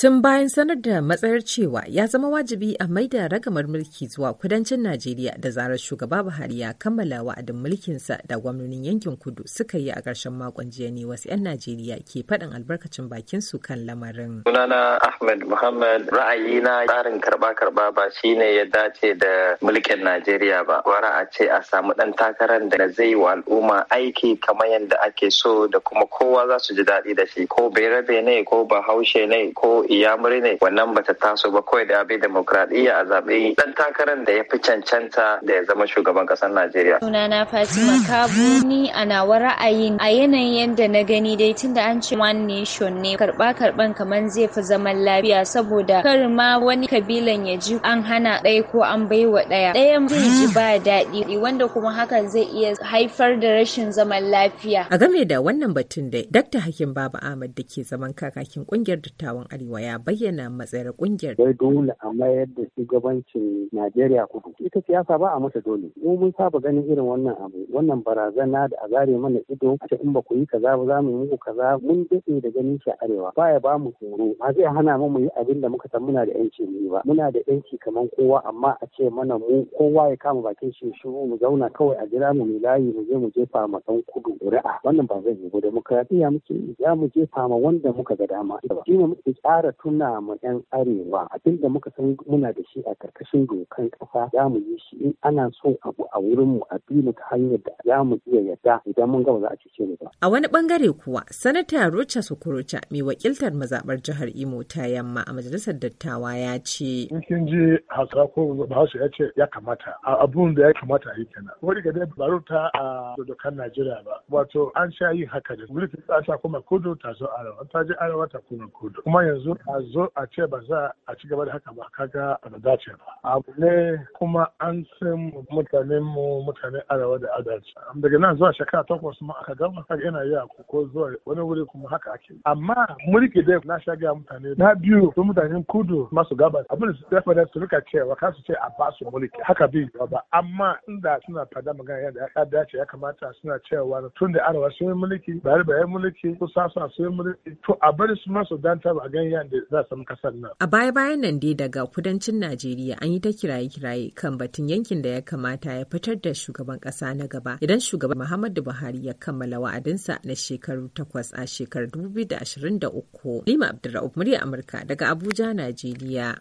tun bayan sanar da matsayar cewa ya zama wajibi a maida ragamar mulki zuwa kudancin najeriya da zarar shugaba buhari ya kammala wa'adin mulkinsa da gwamnonin yankin kudu suka yi a ƙarshen makon jiya ne wasu 'yan najeriya ke faɗin albarkacin bakin su kan lamarin sunana ahmed muhammad ra'ayi na tsarin karba karba ba shine ya dace da mulkin najeriya ba wara a ce a samu ɗan takarar da na zai wa al'umma aiki kamar yadda ake so da kuma kowa za su ji daɗi da shi ko bai rabe ne ko bahaushe ne ko iyamurai ne wannan bata taso ba kawai da bai demokradiyya a zaɓe dan takarar da ya fi cancanta da ya zama shugaban ƙasar Najeriya. Sunana Fatima Kabu ni a nawa ra'ayin a yanayin yadda na gani dai tunda an ce one nation ne karɓa karɓan kamar zai fi zaman lafiya saboda kar ma wani kabilan ya ji an hana ɗaya ko an baiwa ɗaya. Ɗayan zai ji ba daɗi wanda kuma hakan zai iya haifar da rashin zaman lafiya. A game da wannan batun dai Dr. Hakim Baba Ahmad da ke zaman kakakin ƙungiyar dattawan Arewa kuwa ya bayyana matsayar kungiyar. Wai dole a mayar da shugabancin Najeriya kudu. Ita siyasa ba a mata dole. Mu mun saba ganin irin wannan abu, wannan barazana da a zare mana ido a ce in ba ku yi kaza ba za mu yi muku kaza mun daɗe da ganin shi a arewa. ya ba mu horo. Ba zai hana mu mu yi abin da muka san muna da yanci mu yi ba. Muna da yanci kamar kowa amma a ce mana mu kowa ya kama bakin shi shiru mu zauna kawai a jira mu mu layi mu je mu jefa ma ɗan kudu ƙuri'a. Wannan ba zai yi ba. Demokradiyya muke za mu jefa ma wanda muka ga dama. Shi ne muke tsara ƙara tuna ma 'yan arewa abin da muka san muna da shi a karkashin dokan ƙasa za mu yi shi in ana son abu a wurin mu a bi mu ta hanyar da za mu iya yadda idan mun gama za a cece mu ba. A wani bangare kuwa sanata Rocha Sokorocha mai wakiltar mazaɓar jihar Imo ta yamma a majalisar dattawa ya ce. In kin ji Hausa ko Bahaushe ya ce ya kamata a abun da ya kamata a yi kenan. Wani ga dai baro ta a dokan Najeriya ba. Wato an sha yin haka da gwamnati ta sa kuma kudu ta zo arewa ta je arewa ta kuma kudu. Kuma yanzu a zo a ce ba za a ci gaba da haka ba kaga a da dace ba abu ne kuma an san mutanen mu mutane arawa da adalci daga nan zuwa shekara takwas ma aka gama kaga yana yi ko zuwa wani wuri kuma haka ake amma mulki dai na ga mutane na biyu su mutanen kudu masu gaba abin da su dafa da su rika cewa ka su ce a ba su mulki haka bi ba amma inda suna fada magana yadda ya dace ya kamata suna cewa tun da arawa sun yi mulki bayar bayar mulki kusa sun yi mulki to a bari su masu danta ba a ganin abubuwan za samu kasar nan. A baya-bayan nan dai daga kudancin Najeriya an yi ta kiraye-kiraye kan batun yankin da ya kamata ya fitar da shugaban kasa na gaba idan shugaban Muhammadu Buhari ya kammala wa'adinsa na shekaru takwas a shekarar 2023. Lima Abdulrahman murya Amurka daga Abuja, Najeriya.